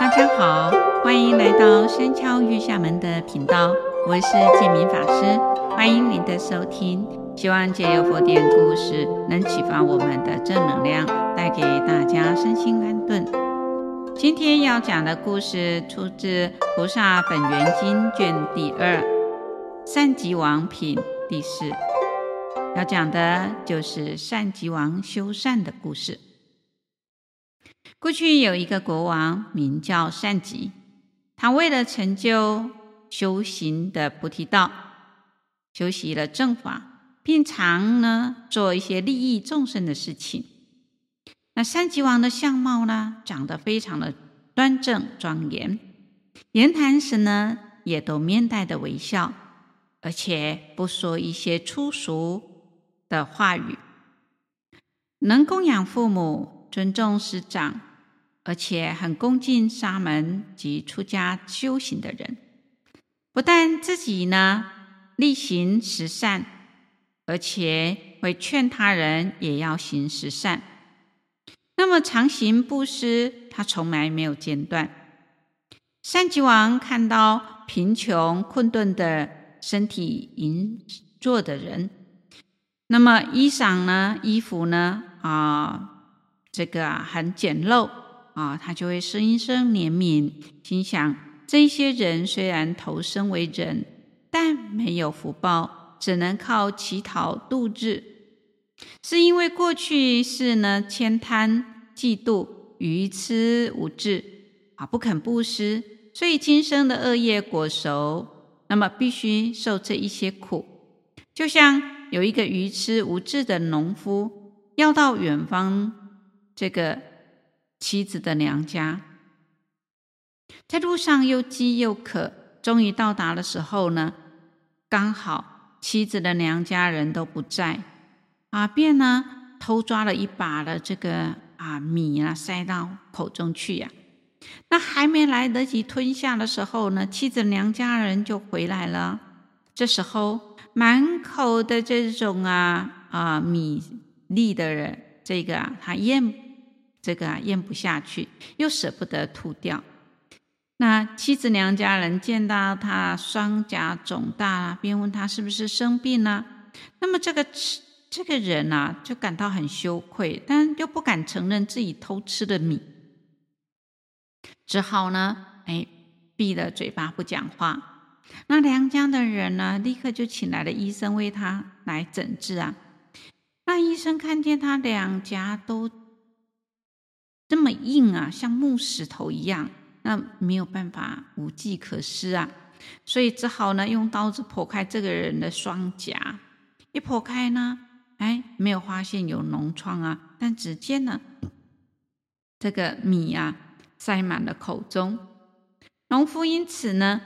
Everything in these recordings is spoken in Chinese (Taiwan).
大家好，歡迎來到深敲玉下門的頻道，我是建明法師，歡迎您的收聽。希望借由佛典故事能啟發我們的正能量，帶給大家身心安頓。今天要講的故事出自《菩薩本緣經》卷第二善吉王品第四，要講的就是善吉王修善的故事。過去有一個國王名叫善吉，他為了成就修行的菩提道，修習了正法，並常呢做一些利益眾生的事情。那善吉王的相貌呢，長得非常的端正莊嚴，言談時呢，也都面帶著微笑，而且不說一些粗俗的話語，能供養父母，尊重師長。而且很恭敬沙門及出家修行的人，不但自己呢力行十善，而且會勸他人也要行十善。那麼常行布施，他從來沒有間斷。善吉王看到貧窮困頓的身體、羸瘦的人，那麼衣裳呢，衣服呢啊，這個、啊、很簡陋。啊、哦，他就會心生憐憫，心想，這些人雖然投生為人，但沒有福報，只能靠乞討度日，是因為過去世呢，慳貪、嫉妒、愚痴、無智啊，不肯布施，所以今生的惡業果熟，那麼必須受這一些苦。就像有一個愚痴無智的農夫，要到遠方這個。妻子的娘家，在路上又飢又渴，終於到達的時候呢，剛好妻子的娘家人都不在，啊，便呢偷抓了一把的這個啊米啊塞到口中去呀、啊。那還沒來得及吞下的時候呢，妻子娘家人就回來了。這時候滿口的這種啊啊米粒的人，這個啊他咽不。這個啊，嚥不下去，又捨不得吐掉。那妻子娘家人見到他雙頰腫大，便問他是不是生病了啊？那麼這個這個人呢，啊，就感到很羞愧，但又不敢承認自己偷吃的米，只好呢，哎，閉了嘴巴不講話。那娘家的人呢，立刻就請來了醫生為他來診治啊。那醫生看見他兩頰都。這麼硬啊，像木石頭一樣，那沒有辦法，無計可施啊，所以只好呢用刀子剖開這個人的雙頰，一剖開呢，哎，沒有發現有膿瘡啊，但只見呢這個米啊塞滿了口中，農夫因此呢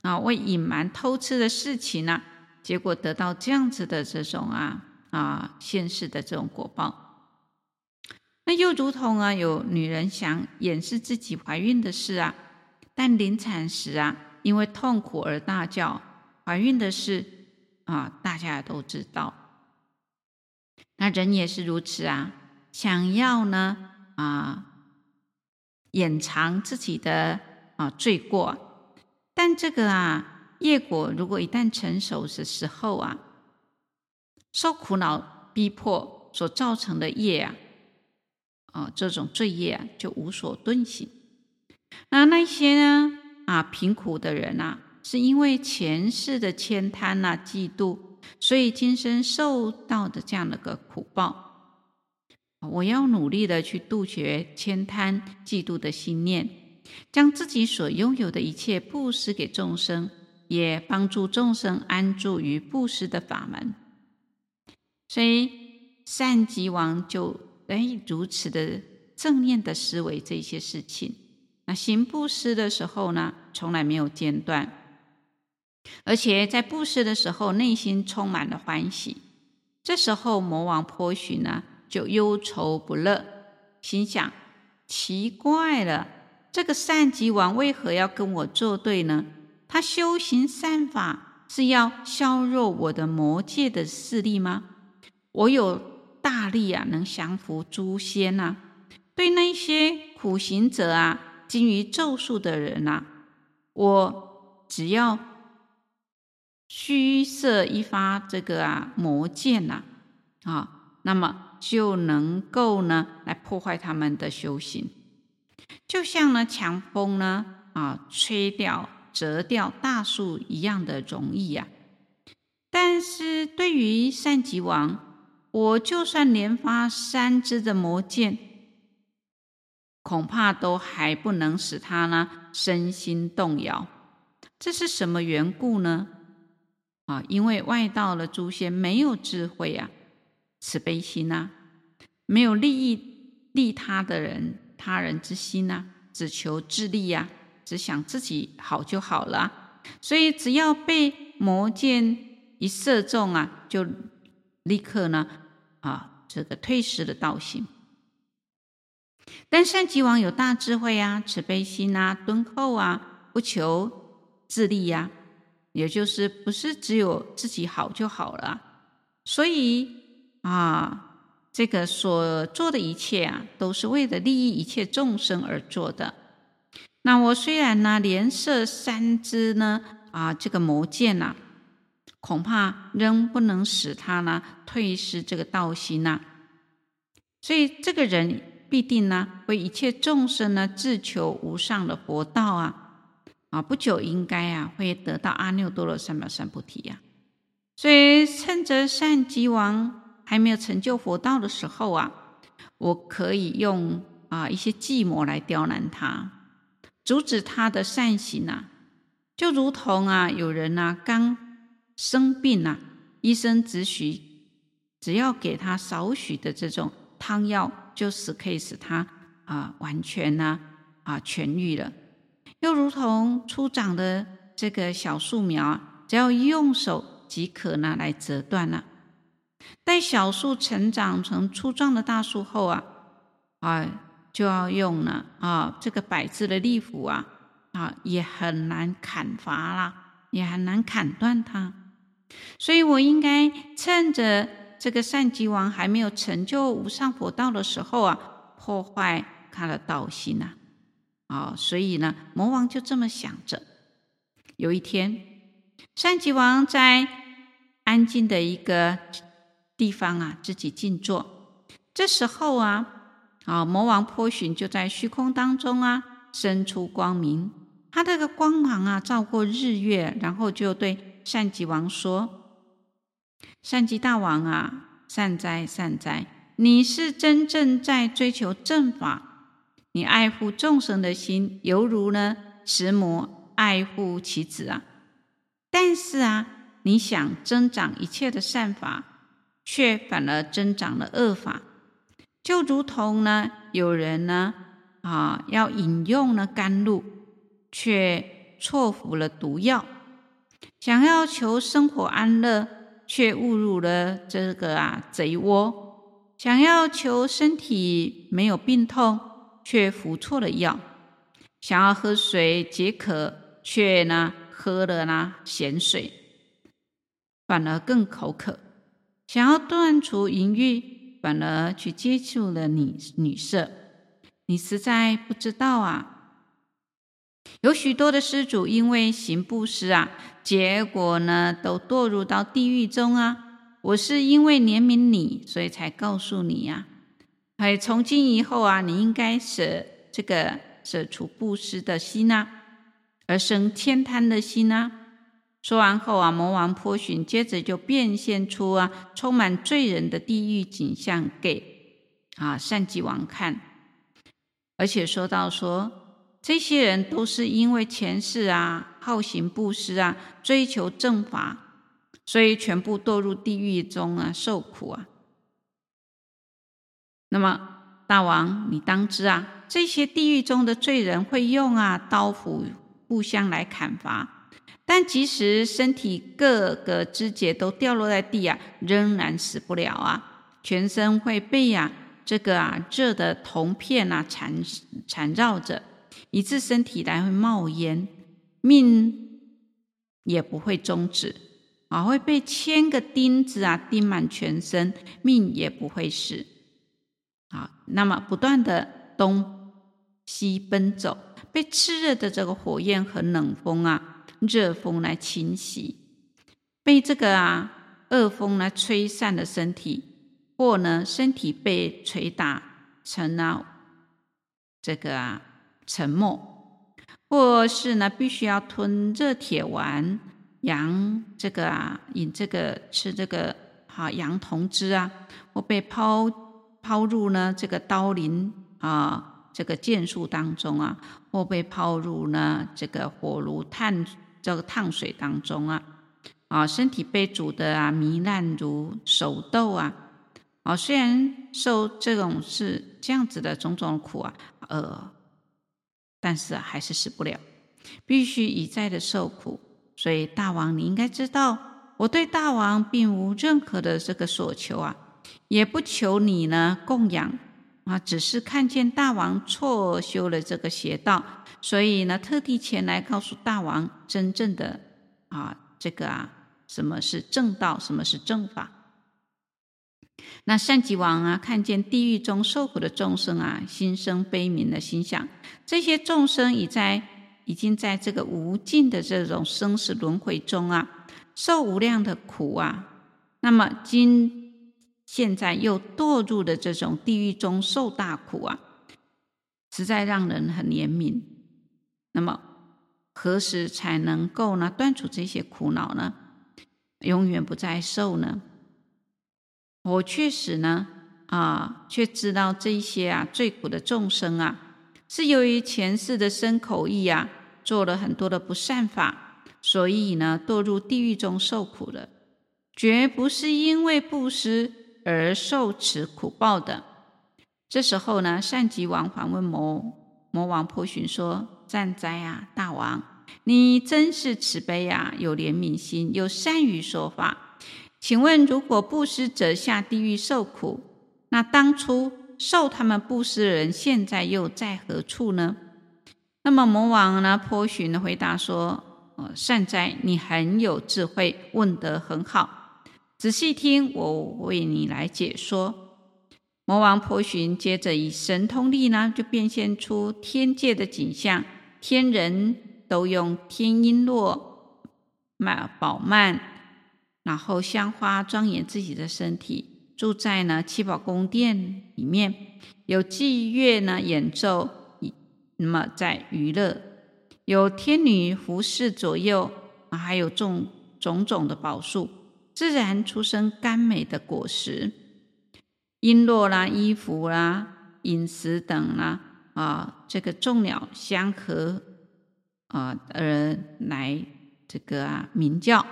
啊為隱瞞偷吃的事情呢、啊，結果得到這樣子的這種啊啊現世的這種果報。那又如同啊，有女人想掩飾自己懷孕的事啊，但臨產時啊，因為痛苦而大叫。懷孕的事啊，大家都知道。那人也是如此啊，想要呢啊，掩藏自己的啊罪過，但這個啊業果，如果一旦成熟的時候啊，受苦惱逼迫所造成的業啊。啊、哦，這種罪業啊，就無所遁形。那那些呢？啊，貧苦的人啊，是因為前世的慳貪吶、嫉妒，所以今生受到的這樣的個苦報。我要努力的去杜絕慳貪、嫉妒的心念，將自己所擁有的一切布施給眾生，也幫助眾生安住於布施的法門。所以善吉王就。能、哎、如此的正念的思維這些事情，那行布施的時候呢，從來沒有間斷，而且在布施的時候，內心充滿了歡喜。這時候魔王波旬呢，就憂愁不樂，心想：奇怪了，這個善吉王為何要跟我作對呢？他修行善法是要削弱我的魔界的勢力嗎？我有。大力啊，能降伏諸仙吶、啊！對那些苦行者啊，精於咒術的人吶、啊，我只要虛設一发這個啊魔箭吶、啊，啊，那麼就能夠呢來破壞他們的修行，就像呢強風呢啊吹掉折掉大樹一樣的容易呀、啊！但是對於善吉王。我就算連發三支的魔箭，恐怕都還不能使他呢身心動搖。這是什麼緣故呢？啊，因為外道的諸仙沒有智慧啊，慈悲心吶、啊，沒有利益利他的人，他人之心吶、啊，只求自利呀，只想自己好就好了、啊。所以只要被魔箭一射中啊，就。立刻呢，啊，這個退失的道心。但善吉王有大智慧啊，慈悲心啊，敦厚，啊，不求自利呀、啊，也就是不是只有自己好就好了。所以啊，這個所做的一切啊，都是為了利益一切眾生而做的。那我雖然呢，連射三支呢，啊，這個魔箭吶、啊。恐怕仍不能使他呢退失這個道心吶、啊，所以這個人必定呢為一切眾生呢自求無上的佛道啊，啊，不久應該啊會得到阿耨多羅三藐三菩提呀、啊，所以趁着善吉王還沒有成就佛道的時候啊，我可以用啊一些計謀來刁難他，阻止他的善行吶、啊，就如同啊有人吶、啊、剛。生病了、啊，醫生只需只要給他少許的這種湯藥，就是可以使他啊、呃、完全呢、啊，啊痊癒了。又如同初長的這個小樹苗、啊，只要一用手即可呢來折斷了、啊。待小樹成長成粗壯的大樹後啊啊、呃，就要用了啊這個百支的利斧啊啊，也很難砍伐啦，也很難砍斷它。所以我應該趁着這個善吉王還沒有成就無上佛道的時候啊，破壞他的道心吶、啊！啊、哦，所以呢，魔王就這麼想着。有一天，善吉王在安靜的一個地方啊，自己靜坐。這時候啊，啊、哦，魔王波旬就在虛空當中啊，生出光明。他這個光芒啊，照過日月，然後就對，善吉王說：“善吉大王啊，善哉善哉！你是真正在追求正法，你愛護眾生的心，猶如呢慈母愛護其子啊。但是啊，你想增長一切的善法，卻反而增長了惡法，就如同呢有人呢啊要飲用呢甘露，卻錯服了毒藥。”想要求生活安樂，卻誤入了這個啊賊窩；想要求身體沒有病痛，卻服錯了藥；想要喝水解渴，卻呢喝了呢鹹水，反而更口渴；想要斷除淫欲，反而去接觸了女女色。你實在不知道啊！有許多的施主因為行布施啊。結果呢，都墮入到地獄中啊！我是因為憐憫你，所以才告訴你呀。哎，從今以後啊，你應該捨這個捨除布施的心啊，而生慳貪的心啊。說完後啊，魔王波旬接着就變現出啊，充滿罪人的地獄景象給啊善吉王看，而且說到說。這些人都是因為前世啊好行布施啊追求正法，所以全部墮入地獄中啊受苦啊。那麼大王你當知啊，這些地獄中的罪人會用啊刀斧互相來砍伐，但即使身體各個肢節都掉落在地啊，仍然死不了啊。全身會被啊這個啊熱的銅片啊纏纏繞着。以致身體來回冒煙，命也不會終止啊！會被千個釘子啊釘滿全身，命也不會死啊！那麼不斷的東西奔走，被熾熱的這個火焰和冷風啊熱風來侵襲，被這個啊惡風來吹散的身體，或呢身體被捶打成了、啊、這個啊。沉默，或是呢，必須要吞熱鐵丸、洋這個啊，飲這個、吃這個啊，洋銅汁啊，或被拋拋入呢這個刀林啊，這個劍樹當中啊，或被拋入呢這個火爐炭，這個燙水當中啊，啊，身體被煮得啊糜爛如熟豆啊，啊，雖然受這種是這樣子的種種的苦啊，呃。但是還是死不了，必須一再的受苦。所以大王，你應該知道，我對大王並無任何的這個索求啊，也不求你呢供養啊，只是看見大王錯修了這個邪道，所以呢，特地前來告訴大王真正的啊這個啊什麼是正道，什麼是正法。那善吉王啊，看見地獄中受苦的眾生啊，心生悲憫的心想：這些眾生已在已經在這個無盡的這種生死輪回中啊，受無量的苦啊。那麼今現在又墮入的這種地獄中受大苦啊，實在讓人很憐憫。那麼何時才能夠呢斷除這些苦惱呢？永遠不再受呢？我確實呢，啊，卻知道這一些啊，罪苦的眾生啊，是由於前世的身口意啊，做了很多的不善法，所以呢，墮入地獄中受苦的，絕不是因為布施而受此苦報的。這時候呢，善吉王還問魔魔王波旬說：“善哉啊，大王，你真是慈悲啊，有憐憫心，又善於說法。”請問，如果布施者下地獄受苦，那當初受他們布施的人，現在又在何處呢？那麼魔王呢？波旬回答說：“善哉，你很有智慧，問得很好。仔細聽，我為你來解說。”魔王波旬接着以神通力呢，就變現出天界的景象，天人都用天瓔珞、寶鬘。然後香花莊嚴自己的身體，住在呢七寶宮殿裡面，有伎樂呢演奏，那、嗯、麼在娛樂，有天女服侍左右，啊、還有種種種的寶樹，自然出生甘美的果實，瓔珞啦、衣服啦、飲食等啦，啊、呃，這個眾鳥相和，啊、呃，而來這個、啊、鳴叫。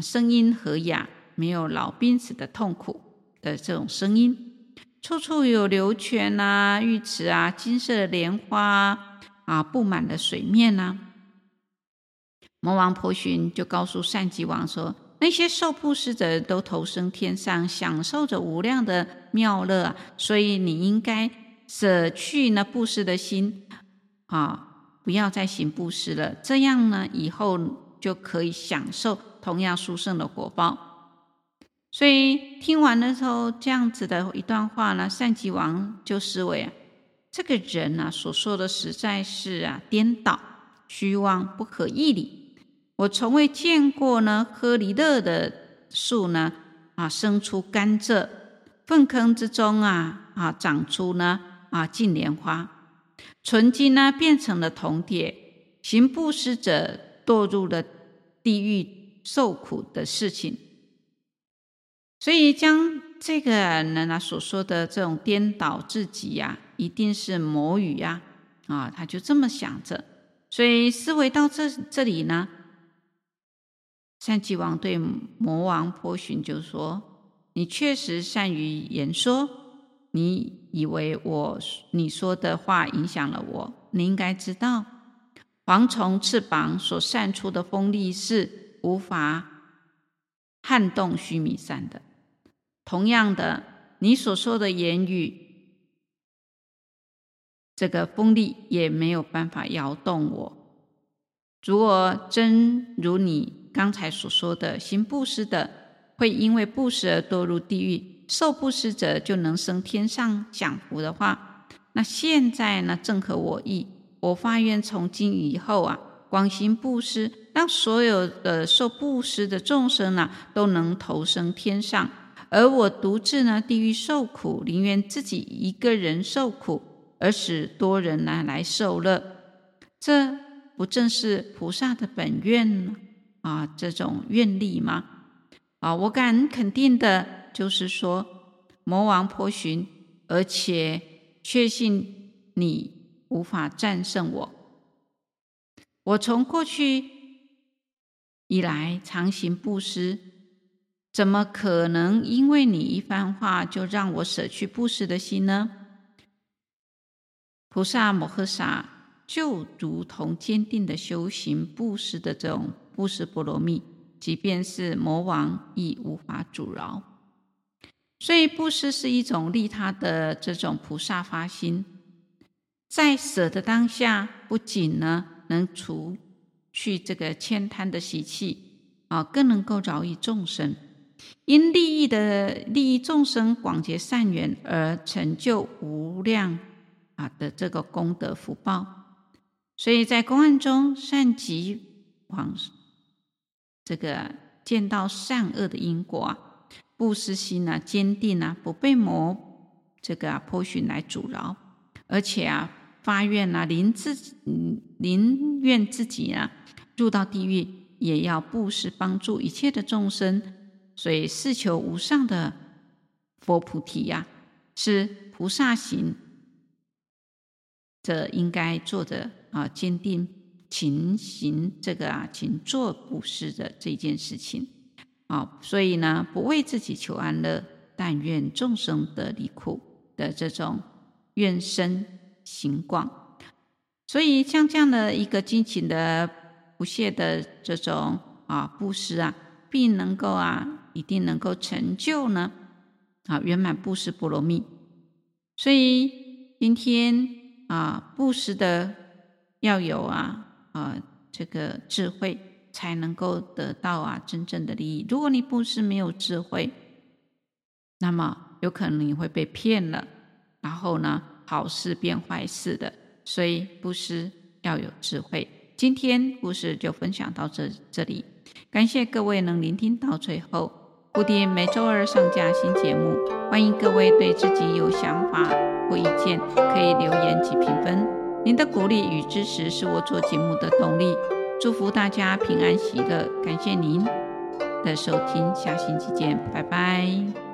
聲音和雅，沒有老病死的痛苦的這種聲音，處處有流泉啊、浴池啊、金色的蓮花啊，啊，布滿了水面吶、啊。魔王波旬就告訴善吉王說：“那些受布施者都投生天上，享受着無量的妙樂，所以你應該捨去那布施的心啊，不要再行布施了。這樣呢，以後就可以享受。”同樣殊勝的果報。所以聽完的時候，這樣子的一段話呢，善吉王就思維啊，這個人呢、啊、所說的實在是啊顛倒虛妄，不可依理。我從未見過呢，訶梨勒的樹呢啊生出甘蔗，糞坑之中啊啊長出呢啊淨蓮花，純金呢、啊、變成了銅鐵，行布施者墮入了地獄。受苦的事情，所以將這個人呢，所說的這種顛倒自己呀、啊，一定是魔語呀！啊，啊，他就這麼想着，所以思維到這這裡呢，善吉王對魔王波旬就說：“你確實善於言說，你以為我你說的話影響了我？你應該知道，蝗蟲翅膀所散出的風力是。”無法撼動須彌山的。同樣的，你所說的言語，這個鋒利也沒有辦法搖動我。如果真如你剛才所說的，行布施的會因為布施而墮入地獄，受布施者就能升天上享福的話，那現在呢，正合我意。我發願從今以後啊。廣行布施，讓所有的受布施的眾生呢，都能投生天上；而我獨自呢，地獄受苦，寧願自己一個人受苦，而使多人呢來,來受樂。這不正是菩薩的本願呢？啊，這種願力嗎？啊，我敢肯定的就是說，魔王波旬，而且確信你無法戰勝我。我從過去以來常行布施，怎麼可能因為你一番話就讓我捨去布施的心呢？菩薩摩訶薩就如同堅定的修行布施的這種布施波羅蜜，即便是魔王亦無法阻撓。所以，布施是一種利他的這種菩薩發心，在捨的當下，不僅呢。能除去這個慳貪的習氣啊，更能夠饒益眾生，因利益的利益眾生、廣結善緣而成就無量啊的這個功德福報。所以在公案中，善吉王這個見到善惡的因果，啊，布施心啊堅定啊，不被魔這個啊波旬來阻撓，而且啊。發願啊，您自己，寧願自己啊，入到地獄也要布施幫助一切的眾生，所以是求無上的佛菩提呀，啊，是菩薩行，這應該做的啊，堅定勤行這個啊，勤做布施的這件事情啊，所以呢，不為自己求安樂，但願眾生得離苦的這種願身。行觀，形，所以像這樣的一個精勤的、不懈的這種啊布施啊，必能夠啊，一定能夠成就呢，啊圓滿布施波羅蜜。所以今天啊，布施的要有啊啊這個智慧，才能夠得到啊真正的利益。如果你布施沒有智慧，那麼有可能你會被騙了，然後呢，好事變壞事的，所以布施要有智慧。今天故事就分享到這這裡，感謝各位能聆聽到最後。固定每周二上架新節目，歡迎各位對自己有想法或意見可以留言及評分。您的鼓勵與支持是我做節目的動力。祝福大家平安喜樂，感謝您的收聽，下星期見，拜拜。